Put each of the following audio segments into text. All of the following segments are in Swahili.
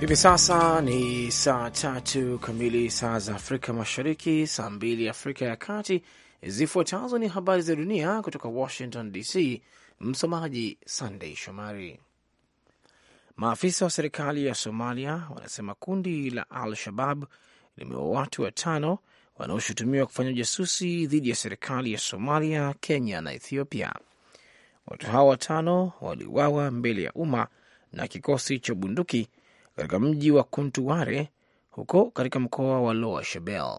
Hivi sasa ni saa tatu kamili saa za Afrika Mashariki, saa mbili Afrika ya Kati. Zifuatazo ni habari za dunia kutoka Washington DC. Msomaji Sandei Shomari. Maafisa wa serikali ya Somalia wanasema kundi la Al-Shabab limeua watu watano wanaoshutumiwa kufanya ujasusi dhidi ya serikali ya Somalia, Kenya na Ethiopia. Watu hao watano waliuawa mbele ya umma na kikosi cha bunduki katika mji wa Kuntuware huko katika mkoa wa Loa Shebel.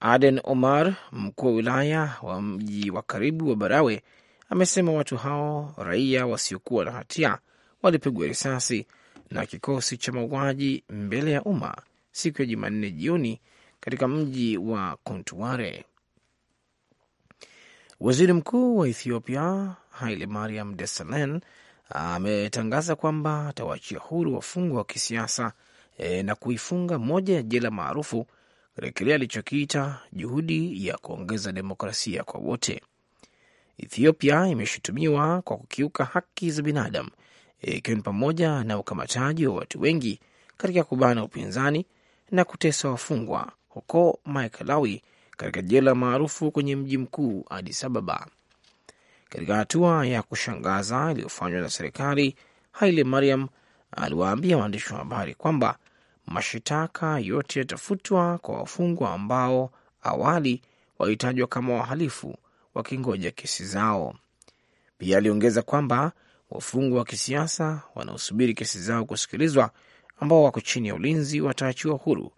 Aden Omar, mkuu wa wilaya wa mji wa karibu wa Barawe, amesema watu hao raia wasiokuwa na hatia walipigwa risasi na kikosi cha mauaji mbele ya umma siku ya Jumanne jioni katika mji wa kuntuware Waziri Mkuu wa Ethiopia Haile Mariam Desalegn ametangaza kwamba atawaachia huru wafungwa wa kisiasa e, na kuifunga moja ya jela maarufu katika kile alichokiita juhudi ya kuongeza demokrasia kwa wote. Ethiopia imeshutumiwa kwa kukiuka haki za binadamu e, ikiwa e, ni pamoja na ukamataji wa watu wengi katika kubana upinzani na kutesa wafungwa huko Maekelawi katika jela maarufu kwenye mji mkuu Addis Ababa. Katika hatua ya kushangaza iliyofanywa na serikali, Haile Mariam aliwaambia waandishi wa habari kwamba mashitaka yote yatafutwa kwa wafungwa ambao awali walitajwa kama wahalifu wakingoja kesi zao. Pia aliongeza kwamba wafungwa wa kisiasa wanaosubiri kesi zao kusikilizwa ambao wako chini ya ulinzi wataachiwa huru,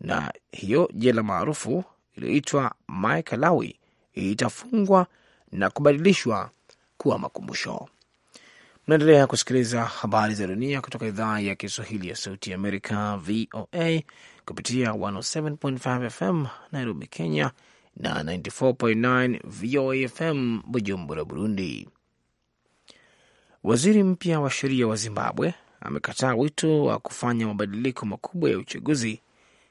na hiyo jela maarufu iliyoitwa Maekelawi itafungwa na kubadilishwa kuwa makumbusho. Mnaendelea kusikiliza habari za dunia kutoka idhaa ya Kiswahili ya Sauti ya Amerika, VOA, kupitia 107.5 FM Nairobi, Kenya na 94.9 VOA FM Bujumbura, Burundi. Waziri mpya wa sheria wa Zimbabwe amekataa wito wa kufanya mabadiliko makubwa ya uchaguzi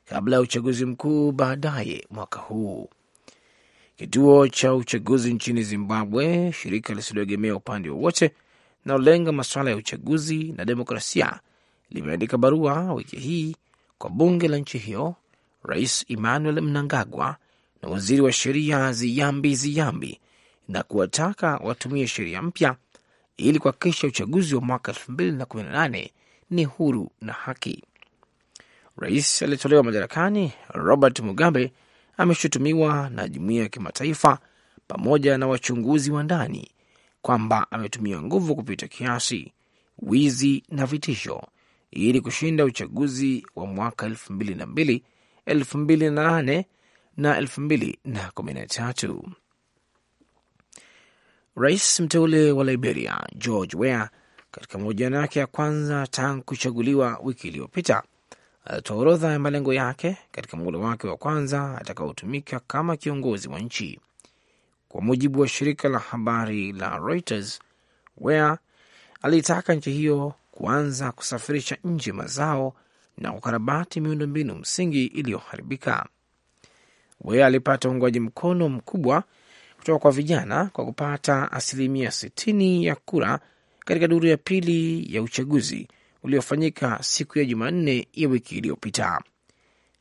kabla ya uchaguzi mkuu baadaye mwaka huu. Kituo cha uchaguzi nchini Zimbabwe, shirika lisiloegemea upande wowote linalolenga masuala ya uchaguzi na demokrasia, limeandika barua wiki hii kwa bunge la nchi hiyo, Rais Emmanuel Mnangagwa na waziri wa sheria Ziyambi Ziyambi, na kuwataka watumie sheria mpya ili kuhakikisha uchaguzi wa mwaka 2018 ni huru na haki. Rais aliyetolewa madarakani Robert Mugabe ameshutumiwa na jumuiya ya kimataifa pamoja na wachunguzi wa ndani kwamba ametumia nguvu kupita kiasi, wizi na vitisho ili kushinda uchaguzi wa mwaka elfu mbili na na na kumi tatu Rais mteule wa Liberia George Weah katika mahojiano yake ya kwanza tangu kuchaguliwa wiki iliyopita alitoa orodha ya malengo yake katika muhula wake wa kwanza atakaotumika kama kiongozi wa nchi, kwa mujibu wa shirika la habari la Reuters. Wea aliitaka nchi hiyo kuanza kusafirisha nje mazao na kukarabati miundombinu msingi iliyoharibika. Wea alipata uungwaji mkono mkubwa kutoka kwa vijana kwa kupata asilimia 60 ya kura katika duru ya pili ya uchaguzi uliofanyika siku ya Jumanne ya wiki iliyopita.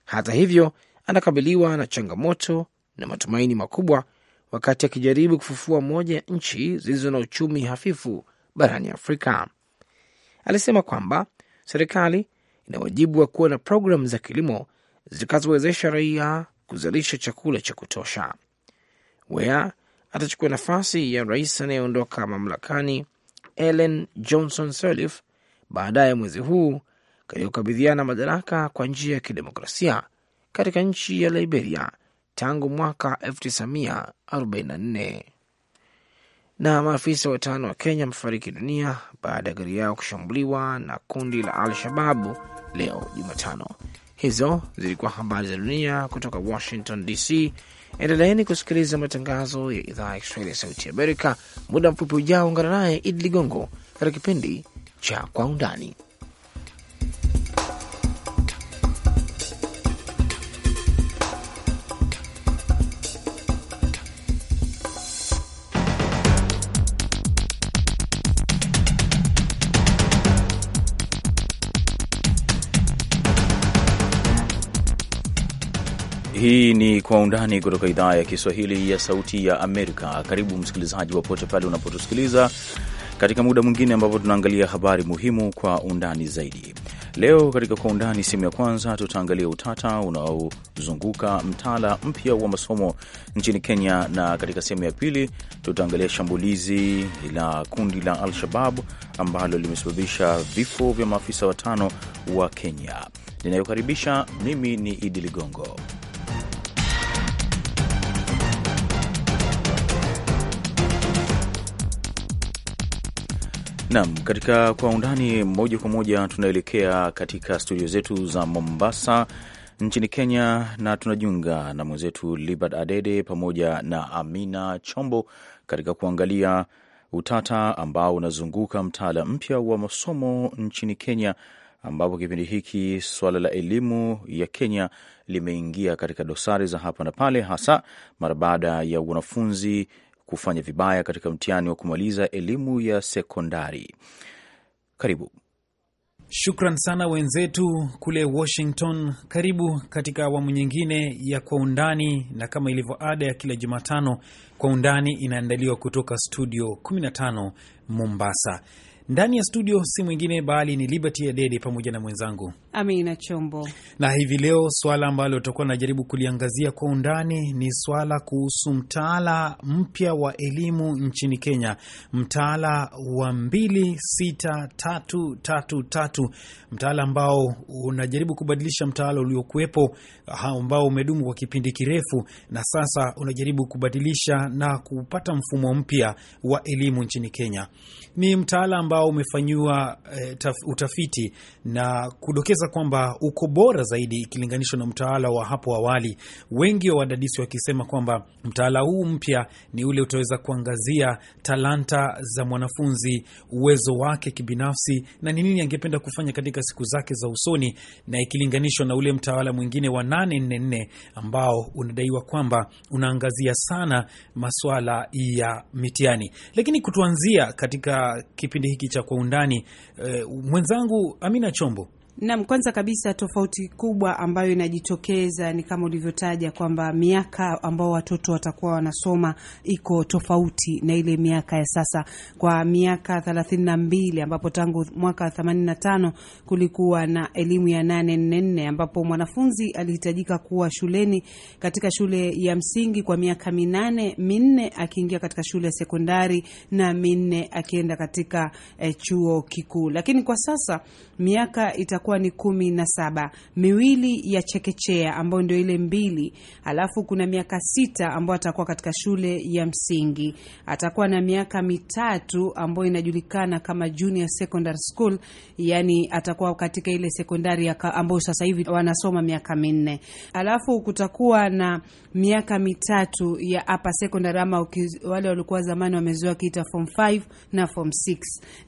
Hata hivyo, anakabiliwa na changamoto na matumaini makubwa wakati akijaribu kufufua moja ya nchi zilizo na uchumi hafifu barani Afrika. Alisema kwamba serikali ina wajibu wa kuwa na programu za kilimo zitakazowezesha raia kuzalisha chakula cha kutosha. Wea atachukua nafasi ya rais anayeondoka mamlakani Ellen Johnson Sirleaf baadaye mwezi huu katika kukabidhiana madaraka kwa njia ya kidemokrasia katika nchi ya Liberia tangu mwaka 1944. Na maafisa watano wa Kenya wamefariki dunia baada ya gari yao kushambuliwa na kundi la Al-Shababu leo Jumatano. Hizo zilikuwa habari za dunia kutoka Washington DC. Endeleeni kusikiliza matangazo ya idhaa ya Kiswahili ya Sauti Amerika. Muda mfupi ujao, ungana naye Idi Ligongo katika kipindi cha Kwa Undani. Hii ni Kwa Undani kutoka idhaa ya Kiswahili ya Sauti ya Amerika. Karibu msikilizaji, popote pale unapotusikiliza katika muda mwingine ambapo tunaangalia habari muhimu kwa undani zaidi. Leo katika kwa undani sehemu ya kwanza tutaangalia utata unaozunguka mtaala mpya wa masomo nchini Kenya, na katika sehemu ya pili tutaangalia shambulizi la kundi la Al-Shabab ambalo limesababisha vifo vya maafisa watano wa Kenya. Ninayokaribisha mimi ni Idi Ligongo. Naam, katika kwa undani moja kwa moja tunaelekea katika studio zetu za Mombasa nchini Kenya, na tunajiunga na mwenzetu Libert Adede pamoja na Amina Chombo katika kuangalia utata ambao unazunguka mtaala mpya wa masomo nchini Kenya, ambapo kipindi hiki suala la elimu ya Kenya limeingia katika dosari za hapa na pale, hasa mara baada ya wanafunzi kufanya vibaya katika mtihani wa kumaliza elimu ya sekondari. Karibu. Shukran sana wenzetu kule Washington. Karibu katika awamu nyingine ya Kwa Undani, na kama ilivyo ada ya kila Jumatano, Kwa Undani inaandaliwa kutoka studio 15 Mombasa. Ndani ya studio si mwingine bali ni Liberty Adede pamoja na mwenzangu Amina Chombo, na hivi leo swala ambalo tutakuwa najaribu kuliangazia kwa undani ni swala kuhusu mtaala mpya wa elimu nchini Kenya, mtaala wa 26333 mtaala ambao unajaribu kubadilisha mtaala uliokuwepo ambao umedumu kwa kipindi kirefu, na sasa unajaribu kubadilisha na kupata mfumo mpya wa elimu nchini Kenya. Ni mtaala ambao ambao umefanyiwa e, taf, utafiti na kudokeza kwamba uko bora zaidi ikilinganishwa na mtawala wa hapo awali, wengi wa wadadisi wakisema kwamba mtaala huu mpya ni ule utaweza kuangazia talanta za mwanafunzi, uwezo wake kibinafsi na ni nini angependa kufanya katika siku zake za usoni, na ikilinganishwa na ule mtawala mwingine wa 844 ambao unadaiwa kwamba unaangazia sana masuala ya mitihani. Lakini kutuanzia katika kipindi hiki hiki cha kwa undani. E, mwenzangu Amina Chombo Naam, kwanza kabisa tofauti kubwa ambayo inajitokeza ni kama ulivyotaja kwamba miaka ambao watoto watakuwa wanasoma iko tofauti na ile miaka ya sasa. Kwa miaka thelathini na mbili ambapo tangu mwaka themanini na tano kulikuwa na elimu ya nane nne nne ambapo mwanafunzi alihitajika kuwa shuleni katika shule ya msingi kwa miaka minane minne akiingia katika shule ya sekondari na minne akienda katika eh, chuo kikuu, lakini kwa sasa miaka ita itakuwa ni kumi na saba, miwili ya chekechea ambayo ndio ile mbili, alafu kuna miaka sita ambayo atakuwa katika shule ya msingi, atakuwa na miaka mitatu ambayo inajulikana kama junior secondary school, yani atakuwa katika ile sekondari ambayo sasa hivi wanasoma miaka minne, alafu kutakuwa na miaka mitatu ya upper secondary ama wale walikuwa zamani wamezoea kiita form 5 na form 6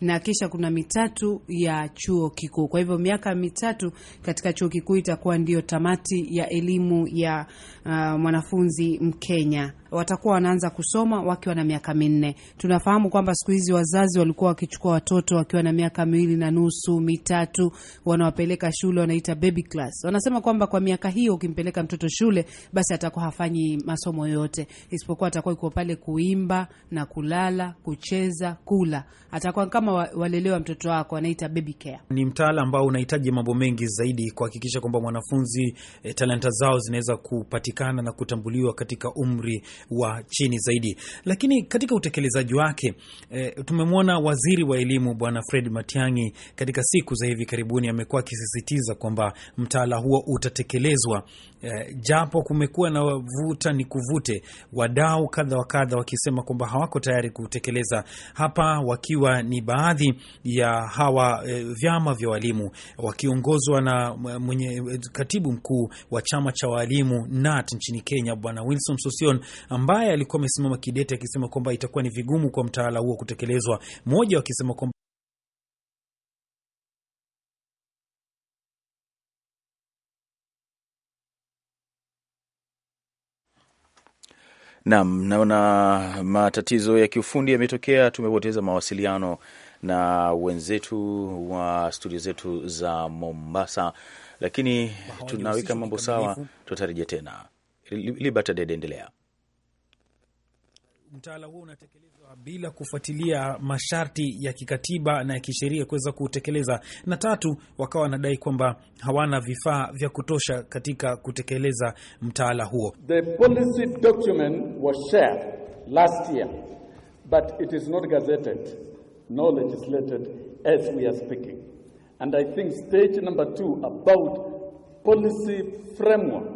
na kisha kuna mitatu ya chuo kikuu. Kwa hivyo miaka mitatu katika chuo kikuu itakuwa ndio tamati ya elimu ya uh, mwanafunzi Mkenya watakuwa wanaanza kusoma wakiwa na miaka minne. Tunafahamu kwamba siku hizi wazazi walikuwa wakichukua watoto wakiwa na miaka miwili na nusu mitatu, wanawapeleka shule, wanaita baby class. Wanasema kwamba kwa miaka hiyo ukimpeleka mtoto shule, basi atakuwa hafanyi masomo yoyote, isipokuwa atakuwa iko pale kuimba na kulala, kucheza, kula, atakuwa kama walelewa mtoto wako, wanaita baby care. Ni mtaala ambao unahitaji mambo mengi zaidi kuhakikisha kwamba mwanafunzi e, talanta zao zinaweza kupatikana na kutambuliwa katika umri wa chini zaidi, lakini katika utekelezaji wake e, tumemwona waziri wa elimu Bwana Fred Matiang'i katika siku za hivi karibuni amekuwa akisisitiza kwamba mtaala huo utatekelezwa, e, japo kumekuwa na vuta ni kuvute, wadau kadha wa kadha wakisema kwamba hawako tayari kutekeleza, hapa wakiwa ni baadhi ya hawa e, vyama vya walimu wakiongozwa na mwenye katibu mkuu wa chama cha walimu NAT nchini Kenya Bwana Wilson Sosion ambaye alikuwa amesimama kidete akisema kwamba itakuwa ni vigumu kwa mtaala huo kutekelezwa, mmoja wakisema kwamba Naam, naona matatizo ya kiufundi yametokea. Tumepoteza mawasiliano na wenzetu wa studio zetu za Mombasa, lakini tunaweka mambo sawa, tutarejea tena. Libertad, endelea mtaala huo unatekelezwa bila kufuatilia masharti ya kikatiba na ya kisheria kuweza kutekeleza, na tatu, wakawa wanadai kwamba hawana vifaa vya kutosha katika kutekeleza mtaala huo. The policy document was shared last year but it is not gazetted nor legislated as we are speaking and I think stage number two about policy framework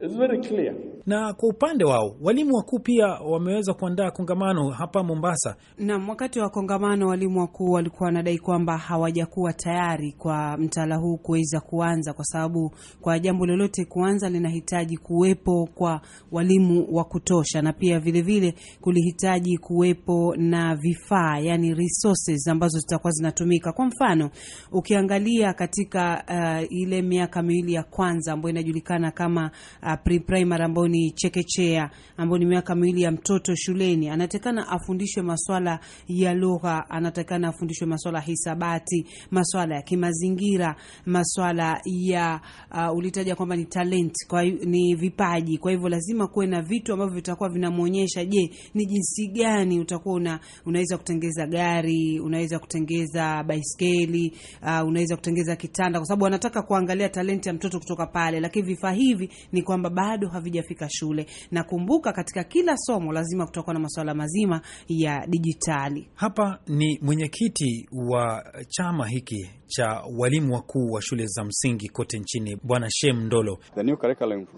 is very clear na kwa upande wao walimu wakuu pia wameweza kuandaa kongamano hapa Mombasa. Naam, wakati wa kongamano walimu wakuu walikuwa wanadai kwamba hawajakuwa tayari kwa mtaala huu kuweza kuanza, kwa sababu kwa jambo lolote kuanza linahitaji kuwepo kwa walimu wa kutosha, na pia vilevile vile kulihitaji kuwepo na vifaa, yani resources ambazo zitakuwa zinatumika. Kwa mfano ukiangalia katika uh, ile miaka miwili ya kwanza ambayo inajulikana kama uh, pre-primary ambayo ni chekechea, ambayo ni miaka miwili ya mtoto shuleni, anatakana afundishwe maswala ya lugha, anatakana afundishwe maswala ya hisabati, maswala ya kimazingira, maswala ya uh, ulitaja kwamba ni talent, kwa ni vipaji. Kwa hivyo lazima kuwe na vitu ambavyo vitakuwa vinamwonyesha, je, ni jinsi gani utakuwa una, unaweza kutengeza gari, unaweza kutengeza baiskeli, uh, unaweza kutengeza kitanda, kwa sababu anataka kuangalia talenti ya mtoto kutoka pale, lakini vifaa hivi ni kwamba bado havijafika katika shule, na kumbuka, katika kila somo lazima kutakuwa na masuala mazima ya dijitali. Hapa ni mwenyekiti wa chama hiki cha walimu wakuu wa shule za msingi kote nchini, Bwana Shem Ndolo.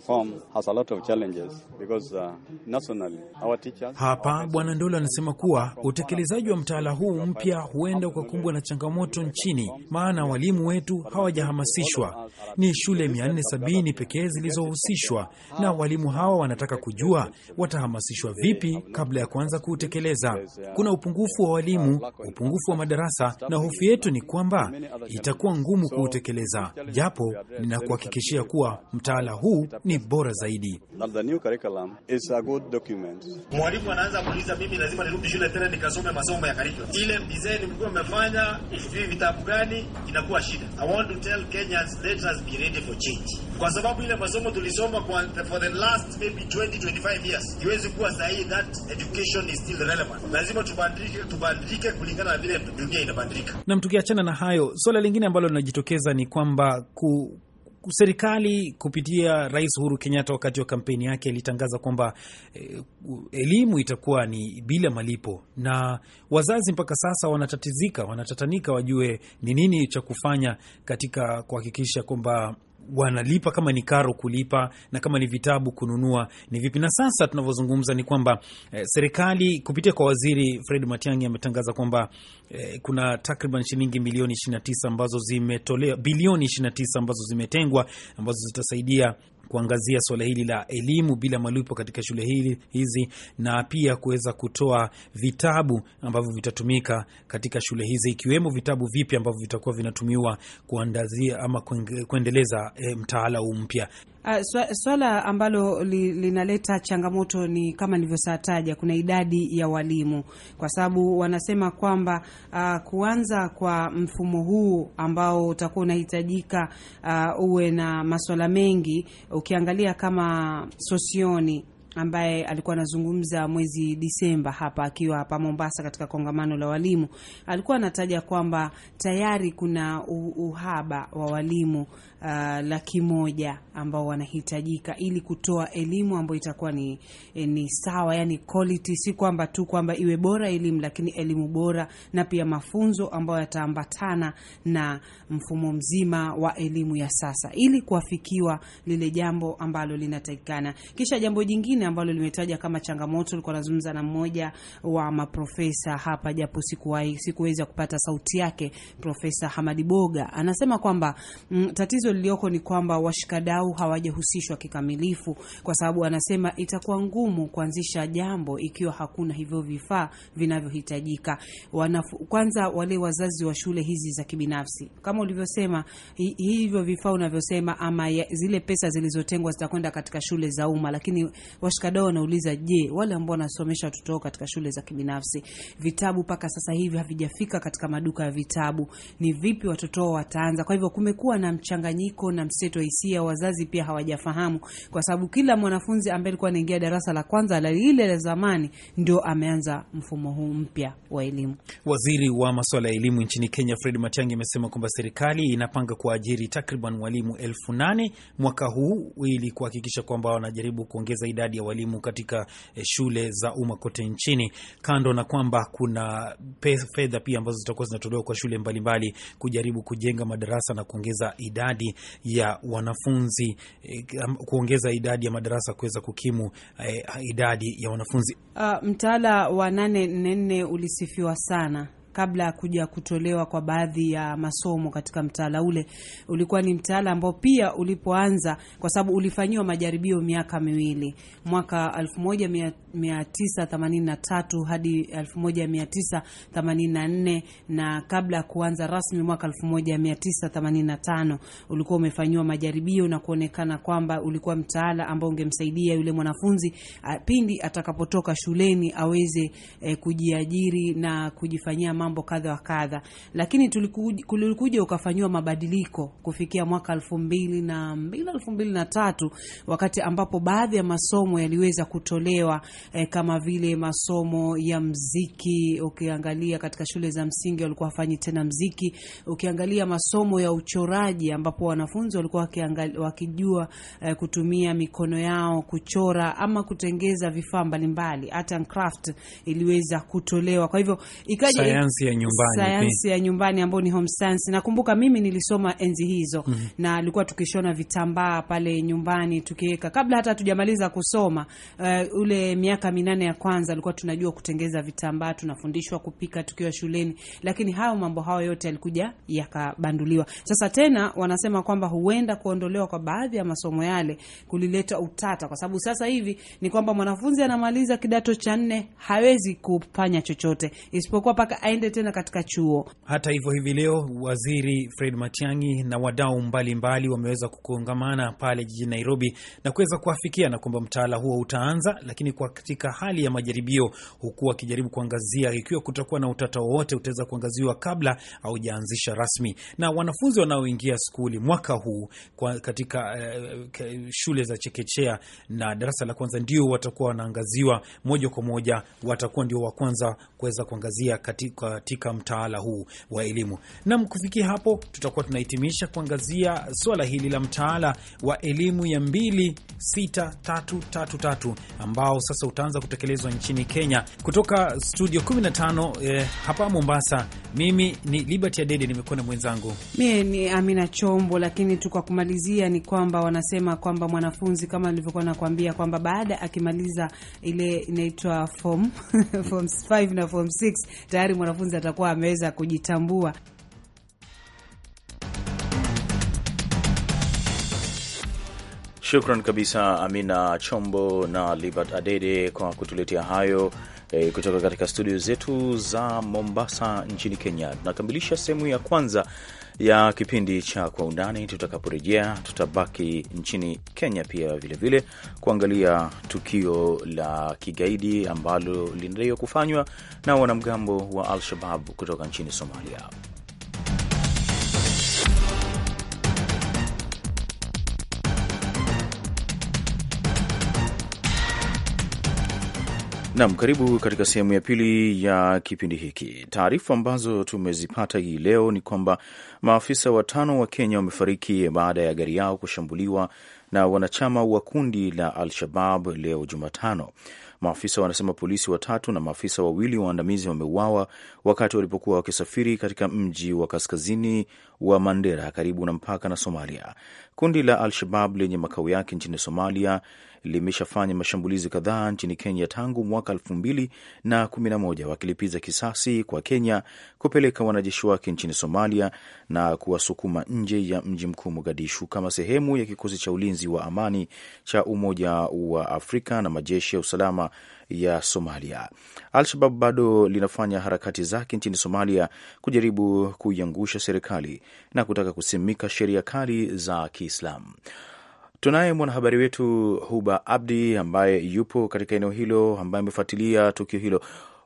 Uh, Hapa Bwana Ndolo anasema kuwa utekelezaji wa mtaala huu mpya huenda ukakumbwa na changamoto nchini, maana walimu wetu hawajahamasishwa. Ni shule 470 pekee zilizohusishwa, na walimu hawa wanataka kujua watahamasishwa vipi kabla ya kuanza kuutekeleza. Kuna upungufu wa walimu, upungufu wa madarasa, na hofu yetu ni kwamba itakuwa ngumu kuutekeleza, japo ninakuhakikishia kuwa mtaala huu ni bora zaidi. Mwalimu anaanza kuuliza, mimi lazima nirudi shule tena nikasome masomo ya karikula ile mdizeni mlikuwa mmefanya sijui vitabu gani, inakuwa shida. I want to tell Kenyans let us be ready for change, kwa sababu ile masomo tulisoma kwa for the last maybe 20 25 years iwezi kuwa sahihi. That education is still relevant, lazima tubadilike, tubadilike kulingana na vile dunia inabadilika. Na mtukiachana na hayo Suala lingine ambalo linajitokeza ni kwamba ku, serikali kupitia Rais Uhuru Kenyatta wakati wa kampeni yake alitangaza kwamba eh, elimu itakuwa ni bila malipo, na wazazi mpaka sasa wanatatizika, wanatatanika wajue ni nini cha kufanya katika kuhakikisha kwamba wanalipa kama ni karo kulipa na kama ni vitabu kununua ni vipi. Na sasa tunavyozungumza ni kwamba eh, serikali kupitia kwa waziri Fred Matiang'i ametangaza kwamba eh, kuna takriban shilingi milioni 29 ambazo zimetolewa, bilioni 29 ambazo zimetengwa ambazo zitasaidia kuangazia suala hili la elimu bila malipo katika shule hili hizi na pia kuweza kutoa vitabu ambavyo vitatumika katika shule hizi ikiwemo vitabu vipya ambavyo vitakuwa vinatumiwa kuandazia ama kuendeleza e, mtaala huu mpya. Uh, swala ambalo li, linaleta changamoto ni kama nilivyosataja, kuna idadi ya walimu, kwa sababu wanasema kwamba uh, kuanza kwa mfumo huu ambao utakuwa unahitajika uh, uwe na masuala mengi ukiangalia kama sosioni ambaye alikuwa anazungumza mwezi Disemba hapa akiwa hapa Mombasa katika kongamano la walimu, alikuwa anataja kwamba tayari kuna uhaba wa walimu uh, laki moja ambao wanahitajika ili kutoa elimu ambayo itakuwa ni, eh, ni sawa, yani quality, si kwamba tu kwamba iwe bora elimu, lakini elimu bora na pia mafunzo ambayo yataambatana na mfumo mzima wa elimu ya sasa ili kuafikiwa lile jambo ambalo linatakikana. Kisha jambo jingine ambalo limetaja kama changamoto. Nilikuwa nazungumza na mmoja wa maprofesa hapa, japo sikuwahi sikuweza kupata sauti yake. Profesa Hamadi Boga anasema kwamba mm, tatizo lilioko ni kwamba washikadau hawajahusishwa kikamilifu, kwa sababu anasema itakuwa ngumu kuanzisha jambo ikiwa hakuna hivyo vifaa vinavyohitajika. Kwanza wale wazazi wa shule hizi za kibinafsi kama ulivyosema, hivyo vifaa unavyosema, ama ya, zile pesa zilizotengwa zitakwenda katika shule za umma, lakini wa Jonas anauliza, je, wale ambao wanasomesha watoto wao katika shule za kibinafsi vitabu mpaka sasa hivi havijafika katika maduka ya vitabu, ni vipi watoto wao wataanza? Kwa hivyo kumekuwa na mchanganyiko na mseto hisia, wazazi pia hawajafahamu, kwa sababu kila mwanafunzi ambaye alikuwa anaingia darasa la kwanza la lile la zamani ndio ameanza mfumo huu mpya wa elimu. Waziri wa masuala ya elimu nchini Kenya Fred Matiang'i amesema kwamba serikali inapanga kuajiri takriban walimu elfu nane mwaka huu ili kuhakikisha kwamba wanajaribu kuongeza idadi ya walimu katika eh, shule za umma kote nchini, kando na kwamba kuna fedha pia ambazo zitakuwa zinatolewa kwa shule mbalimbali mbali, kujaribu kujenga madarasa na kuongeza idadi ya wanafunzi, eh, kuongeza idadi ya madarasa kuweza kukimu eh, idadi ya wanafunzi. Uh, mtaala wa nane nne ulisifiwa sana kabla ya kuja kutolewa kwa baadhi ya masomo katika mtaala ule, ulikuwa ni mtaala ambao pia ulipoanza, kwa sababu ulifanyiwa majaribio miaka miwili, mwaka 1983 hadi 1984 na kabla ya kuanza rasmi mwaka 1985 ulikuwa umefanyiwa majaribio na kuonekana kwamba ulikuwa mtaala ambao ungemsaidia yule mwanafunzi pindi atakapotoka shuleni aweze eh, kujiajiri na kujifanyia mambo mambo kadha wa kadha, lakini tulikuja ukafanyiwa mabadiliko kufikia mwaka elfu mbili na mbili elfu mbili na tatu wakati ambapo baadhi ya masomo yaliweza kutolewa eh, kama vile masomo ya mziki. Ukiangalia katika shule za msingi walikuwa wafanyi tena mziki. Ukiangalia masomo ya uchoraji ambapo wanafunzi walikuwa wakijua eh, kutumia mikono yao kuchora ama kutengeza vifaa mbalimbali, art and craft iliweza kutolewa. Kwa hivyo ikaja sayansi ya nyumbani, sayansi ya nyumbani ambayo ni home science. Nakumbuka mimi nilisoma enzi hizo mm -hmm. na alikuwa tukishona vitambaa pale nyumbani tukiweka, kabla hata hatujamaliza kusoma uh, ule miaka minane ya kwanza alikuwa tunajua kutengeza vitambaa, tunafundishwa kupika tukiwa shuleni, lakini hayo mambo hayo yote yalikuja yakabanduliwa. Sasa tena wanasema kwamba huenda kuondolewa kwa baadhi ya masomo yale kulileta utata, kwa sababu sasa hivi ni kwamba mwanafunzi anamaliza kidato cha nne hawezi kufanya chochote isipokuwa mpaka aende waende tena katika chuo. Hata hivyo, hivi leo waziri Fred Matiang'i na wadau mbalimbali wameweza kukongamana pale jijini Nairobi na kuweza kuafikia na kwamba mtaala huo utaanza, lakini kwa katika hali ya majaribio, huku wakijaribu kuangazia ikiwa kutakuwa na utata wowote utaweza kuangaziwa kabla haujaanzisha rasmi. Na wanafunzi wanaoingia skuli mwaka huu kwa katika uh, shule za chekechea na darasa la kwanza ndio watakuwa wanaangaziwa moja kwa moja, watakuwa ndio wa kwanza kuweza kuangazia katika katika mtaala huu wa elimu. Nam, kufikia hapo tutakuwa tunahitimisha kuangazia swala hili la mtaala wa elimu ya 26333 ambao sasa utaanza kutekelezwa nchini Kenya. Kutoka studio 15 eh, hapa Mombasa, mimi ni Liberty Adede, nimekuwa na mwenzangu mie ni Amina Chombo. Lakini tu kwa kumalizia ni kwamba wanasema kwamba mwanafunzi kama nilivyokuwa nakuambia kwamba baada akimaliza ile inaitwa form form 5 na form 6 tayari mwanafunzi mwanafunzi atakuwa ameweza kujitambua. Shukran kabisa Amina Chombo na Libert Adede kwa kutuletea hayo e, kutoka katika studio zetu za Mombasa nchini Kenya. Tunakamilisha sehemu ya kwanza ya kipindi cha Kwa Undani. Tutakaporejea tutabaki nchini Kenya pia vilevile vile, kuangalia tukio la kigaidi ambalo linaendelea kufanywa na wanamgambo wa Al-Shabab kutoka nchini Somalia. Nam, karibu katika sehemu ya pili ya kipindi hiki. Taarifa ambazo tumezipata hii leo ni kwamba maafisa watano wa Kenya wamefariki baada ya gari yao kushambuliwa na wanachama wa kundi la Al-Shabab leo Jumatano. Maafisa wanasema polisi watatu na maafisa wawili waandamizi wameuawa wakati walipokuwa wakisafiri katika mji wa kaskazini wa Mandera karibu na mpaka na Somalia. Kundi la Al-Shabab lenye makao yake nchini Somalia limeshafanya mashambulizi kadhaa nchini Kenya tangu mwaka elfu mbili na kumi na moja wakilipiza kisasi kwa Kenya kupeleka wanajeshi wake nchini Somalia na kuwasukuma nje ya mji mkuu Mogadishu kama sehemu ya kikosi cha ulinzi wa amani cha Umoja wa Afrika na majeshi ya usalama ya Somalia. Al-Shabab bado linafanya harakati zake nchini Somalia kujaribu kuiangusha serikali na kutaka kusimika sheria kali za Kiislamu. Tunaye mwanahabari wetu Huba Abdi ambaye yupo katika eneo hilo, ambaye amefuatilia tukio hilo.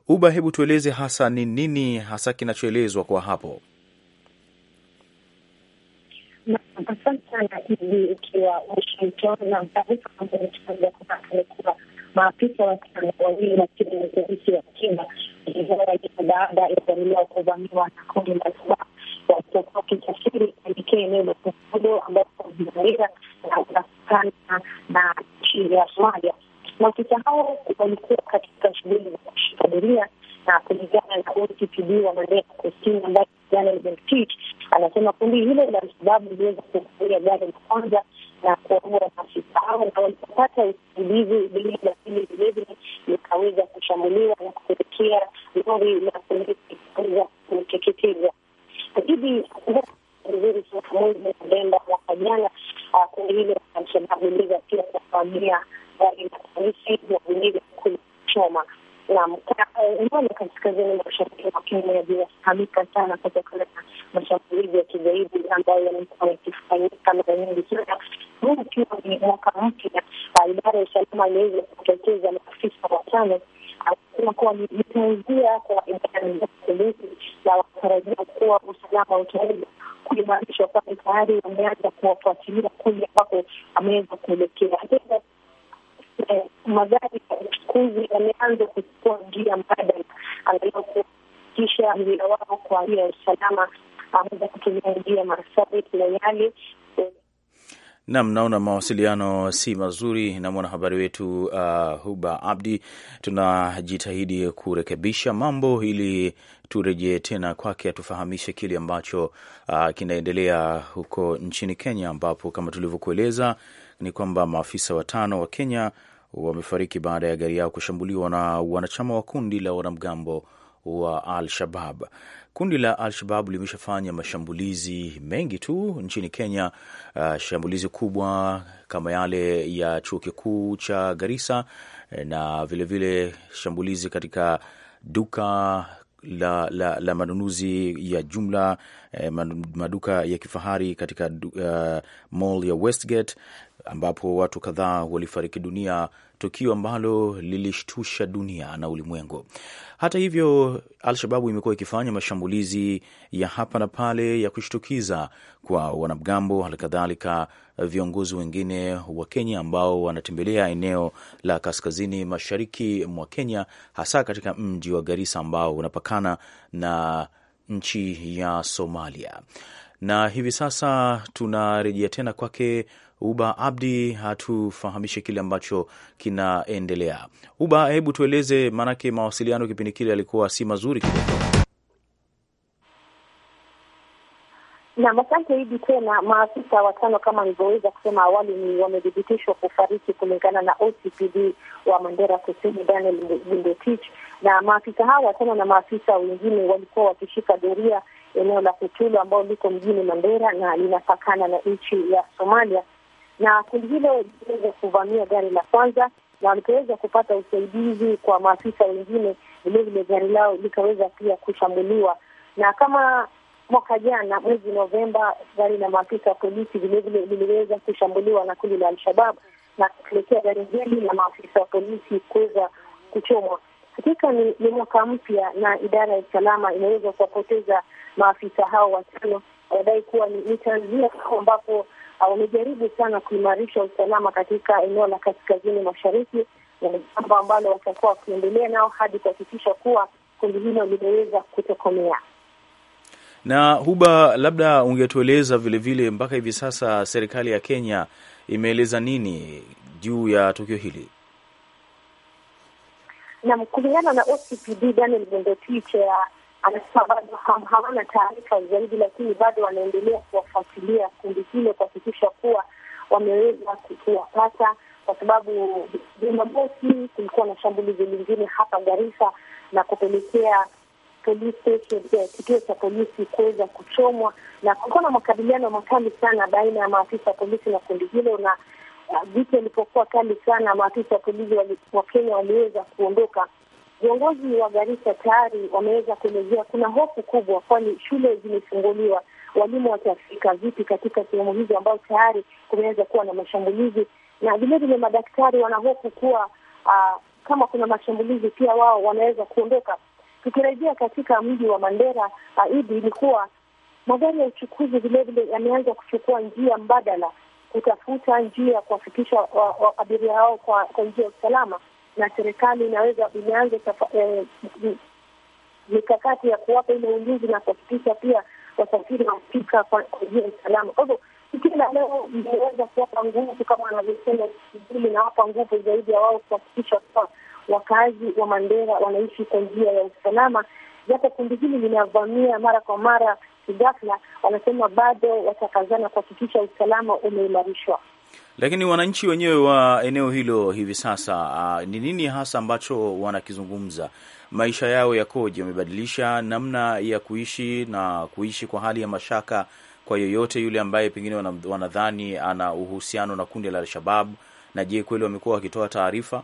Huba, hebu tueleze hasa ni nini hasa kinachoelezwa kwa hapo? Asante sana Idi, ukiwa Washington na taarifa ambayo tunaweza kupata ni kuwa maafisa watano, wawili na timu ya polisi wa kina waliuawa baada ya kuvamiwa na kundi la al kiasi kinasiri kuelekea eneo la Somalia ambapo zinaendelea nakutana na nchi ya Somalia. Maafisa hao walikuwa katika shughuli za kushika doria, na kulingana na OCPD wa Mandela Kusini ambaye kijana Benfit anasema kundi hilo la Alshababu iliweza kuangalia gari la kwanza na kuwaua maafisa hao, na walipopata usaidizi gari la pili vilevile likaweza kushambuliwa na kupelekea lori la polisi kuweza kuteketezwa lakini vizuri mwezi wa Novemba mwaka jana, kundi hilo la Alshababu lilizakia kufamia gari la polisi ah, na vilivyo kulichoma eh, nam nyone kaskazini mashariki mwa Kenya zinafahamika sana kutokana na mashambulizi ya kigaidi ambayo yamekuwa yakifanyika mara nyingi sana. Huu ukiwa ni mwaka mpya, ah, idara ya usalama iliweza kutokeza maafisa watano, kusema ah, kuwa ni kwa idara za polisi inatarajia kuwa usalama utaweza kuimarishwa, kwani tayari wameanza kuwafuatilia kule ambapo ameweza kuelekea. Eh, magari ya uchukuzi yameanza kuchukua njia mbadala, angalau kuhakikisha wao kwa hali ya usalama ameweza kutumia njia masafi na yale Nam, naona mawasiliano si mazuri na mwanahabari wetu uh, Huba Abdi. Tunajitahidi kurekebisha mambo ili turejee tena kwake atufahamishe kile ambacho uh, kinaendelea huko nchini Kenya, ambapo kama tulivyokueleza ni kwamba maafisa watano wa Kenya wamefariki baada ya gari yao kushambuliwa na wanachama wa kundi la wanamgambo wa Al Shabab. Kundi la Al-Shabab limeshafanya mashambulizi mengi tu nchini Kenya. Uh, shambulizi kubwa kama yale ya chuo kikuu cha Garissa eh, na vilevile vile shambulizi katika duka la, la, la manunuzi ya jumla eh, maduka ya kifahari katika uh, mall ya Westgate ambapo watu kadhaa walifariki dunia, tukio ambalo lilishtusha dunia na ulimwengu. Hata hivyo, Al-Shababu imekuwa ikifanya mashambulizi ya hapa na pale ya kushtukiza kwa wanamgambo, halikadhalika viongozi wengine wa Kenya ambao wanatembelea eneo la kaskazini mashariki mwa Kenya, hasa katika mji wa Garissa ambao unapakana na nchi ya Somalia. Na hivi sasa tunarejea tena kwake Uba Abdi hatufahamishe kile ambacho kinaendelea. Uba, hebu tueleze, maanake mawasiliano kipindi kile yalikuwa si mazuri kidogo. Nam, asante hivi tena. Maafisa watano kama nilivyoweza kusema awali ni wamethibitishwa kufariki kulingana na OCPD wa Mandera Kusini, Daniel Bundetich, na maafisa hao watano na maafisa wengine walikuwa wakishika doria eneo la Kutulu ambao liko mjini Mandera na linapakana na nchi ya Somalia na kundi hilo liliweza kuvamia gari la kwanza, na walipoweza kupata usaidizi kwa maafisa wengine, vilevile gari lao likaweza pia kushambuliwa. Na kama mwaka jana mwezi Novemba, gari la maafisa wa polisi vilevile liliweza kushambuliwa na kundi la Alshabab na kupelekea gari hili la maafisa wa polisi kuweza kuchomwa. Hakika ni, ni mwaka mpya na idara ya usalama inaweza kuwapoteza maafisa hao watano, wanadai kuwa ni, ni tanzia ambapo wamejaribu sana kuimarisha usalama katika eneo la kaskazini mashariki, na ni jambo ambalo watakuwa wakiendelea nao hadi kuhakikisha kuwa kundi hilo limeweza kutokomea. Na Huba, labda ungetueleza vilevile mpaka hivi sasa serikali ya Kenya imeeleza nini juu ya tukio hili? Naam, kulingana na OCPD Daniel Bendotich Anasema bado hawana taarifa zaidi, lakini bado wanaendelea kuwafuatilia kundi hilo kuhakikisha kuwa wameweza kuwapata, kwa sababu Jumamosi kulikuwa na shambulizi lingine hapa Garissa na kupelekea police station eh, kituo cha polisi kuweza kuchomwa, na kulikuwa na makabiliano makali sana baina ya maafisa wa polisi na kundi hilo, na eh, vita ilipokuwa kali sana, maafisa wa polisi wa Kenya waliweza kuondoka Viongozi wa Garissa tayari wameweza kuelezea kuna hofu kubwa, kwani shule zimefunguliwa, walimu watafika vipi katika sehemu hizo ambao tayari kumeweza kuwa na mashambulizi, na vilevile madaktari wanahofu kuwa uh, kama kuna mashambulizi pia wao wanaweza kuondoka. Tukirejea katika mji wa Mandera, aidi ah, ilikuwa magari ya uchukuzi vilevile yameanza kuchukua njia mbadala, kutafuta njia ya kuwafikisha ah, abiria hao kwa njia ya usalama na serikali inaweza imeanza eh, mikakati ya kuwapa ile ulinzi na kuhakikisha pia wasafiri wanafika kwa njia usalama salama. Kwa hivyo kila leo imeweza kuwapa nguvu kama wanavyosema, sijui nawapa nguvu zaidi ya wao kuhakikisha kuwa wakazi wa Mandera wanaishi kwa njia ya usalama, japo kundi hili linavamia mara kwa mara kighafla. Wanasema bado watakazana kuhakikisha usalama umeimarishwa. Lakini wananchi wenyewe wa eneo hilo hivi sasa ah, ni nini hasa ambacho wanakizungumza? Maisha yao yakoje? Wamebadilisha namna ya kuishi na kuishi kwa hali ya mashaka kwa yoyote yule ambaye pengine wanadhani ana uhusiano na kundi la Alshababu? Na je, kweli wamekuwa wakitoa taarifa?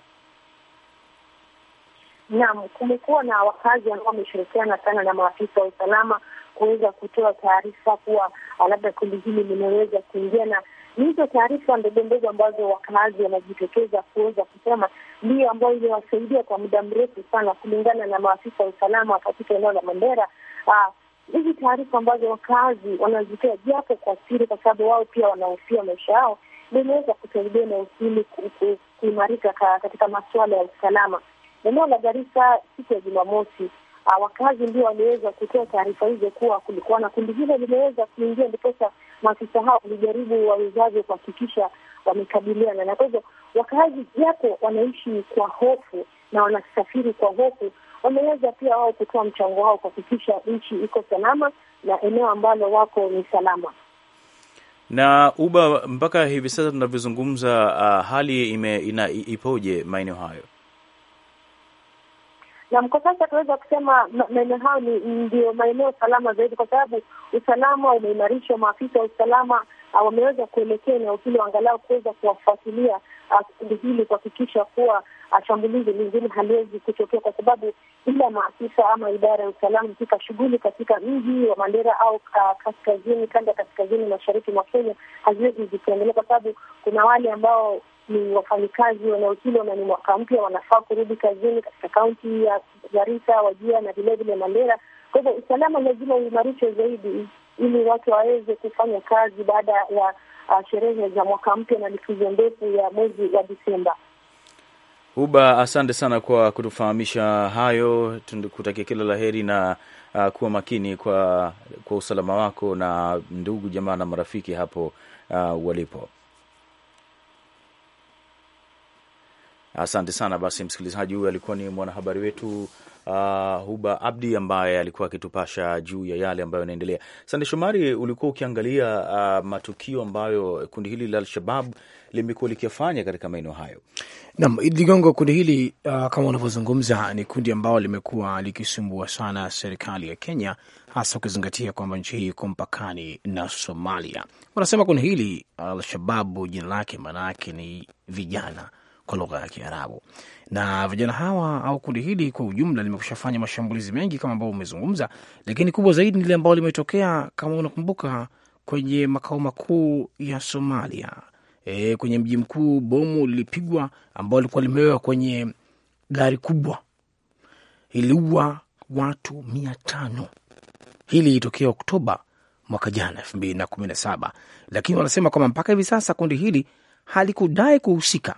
Naam, kumekuwa na wakazi ambao wameshirikiana sana na maafisa wa usalama kuweza kutoa taarifa kuwa ah, labda kundi hili limeweza kuingia na ni hizo taarifa ndogondogo ambazo wakaazi wanajitokeza kuweza kusema ndio ambayo imewasaidia kwa muda mrefu sana, kulingana na maafisa wa usalama katika eneo la Mandera. Ah, hizi taarifa ambazo wakaazi wanazitoa japo kwa siri, kwa sababu wao pia wanahofia maisha yao, limeweza kusaidia eneo hili kuimarika katika masuala ya usalama. Eneo la Garissa siku ya Jumamosi, ah, wakazi ndio waliweza kutoa taarifa hizo kuwa kulikuwa na kundi hilo limeweza kuingia ndiposa maafisa hao walijaribu wawezavyo kuhakikisha wamekabiliana na. Kwa hivyo wakaaji, japo wanaishi kwa hofu na wanasafiri kwa hofu, wameweza pia wao kutoa mchango wao kuhakikisha nchi iko salama na eneo ambalo wako ni salama na uba mpaka hivi sasa tunavyozungumza, uh, hali ime, ina, ipoje maeneo hayo? na kwa sasa tunaweza kusema maeneo hayo ndio maeneo salama zaidi, kwa sababu usalama umeimarishwa. Maafisa wa usalama ah, wameweza kuelekea eneo hilo angalau kuweza kuwafuatilia ah, kikundi hili kuhakikisha kuwa ah, shambulizi lingine haliwezi kutokea, kwa sababu ila maafisa ama idara ya usalama katika shughuli katika mji wa Mandera au kaskazini, kanda ya kaskazini mashariki mwa Kenya haziwezi zikiendelea, kwa sababu kuna wale ambao ni wafanyikazi wa eneo hilo na ni mwaka mpya, wanafaa kurudi kazini katika kaunti ya Garissa, Wajia na vilevile Mandera. Kwa hivyo usalama lazima uimarishwe zaidi ili watu waweze kufanya kazi baada ya uh, sherehe za mwaka mpya na likizo ndefu ya mwezi wa Disemba. Uba, asante sana kwa kutufahamisha hayo. Kutakia kila la heri na uh, kuwa makini kwa, kwa usalama wako na ndugu jamaa na marafiki hapo uh, walipo. Asante sana. Basi msikilizaji, huyu alikuwa ni mwanahabari wetu Uh, Huba Abdi ambaye alikuwa akitupasha juu ya yale ambayo yanaendelea. Sande Shomari, ulikuwa ukiangalia uh, matukio ambayo kundi hili la Alshabab limekuwa likifanya katika maeneo hayo. Naam, Idi Ligongo, kundi hili uh, kama unavyozungumza ni kundi ambalo limekuwa likisumbua sana serikali ya Kenya, hasa ukizingatia kwamba nchi hii iko mpakani na Somalia. Wanasema kundi hili uh, alshababu jina lake maanayake ni vijana kwa lugha ya Kiarabu. Na vijana hawa au kundi hili kwa ujumla limekushafanya mashambulizi mengi kama ambavyo umezungumza, lakini kubwa zaidi lile ambalo limetokea kama unakumbuka, kwenye makao makuu ya Somalia. E, kwenye mji mkuu bomu lilipigwa ambao likuwa limewewa kwenye gari kubwa, iliua watu mia tano. Hili ilitokea Oktoba mwaka jana elfu mbili na kumi na saba, lakini wanasema kwamba mpaka hivi sasa kundi hili halikudai kuhusika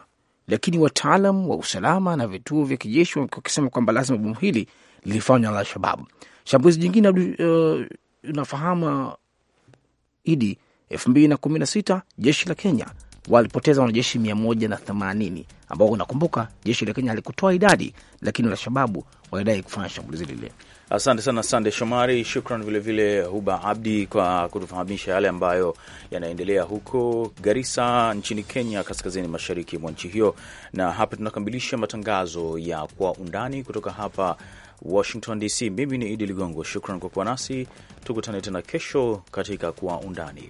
lakini wataalam wa usalama na vituo vya kijeshi wakisema kwamba lazima bomu hili lilifanywa na Alshababu. Shambulizi jingine uh, unafahamu uh, idi elfu mbili na kumi na sita jeshi la Kenya walipoteza wanajeshi mia moja na themanini ambao unakumbuka jeshi la Kenya halikutoa idadi, lakini Alshababu wanadai kufanya shughuli zile zile. Asante sana Sande Shomari, shukran vilevile Huba Abdi kwa kutufahamisha yale ambayo yanaendelea huko Garissa nchini Kenya, kaskazini mashariki mwa nchi hiyo. Na hapa tunakamilisha matangazo ya Kwa Undani kutoka hapa Washington DC. Mimi ni Idi Ligongo, shukran kwa kuwa nasi. Tukutane tena kesho katika Kwa Undani.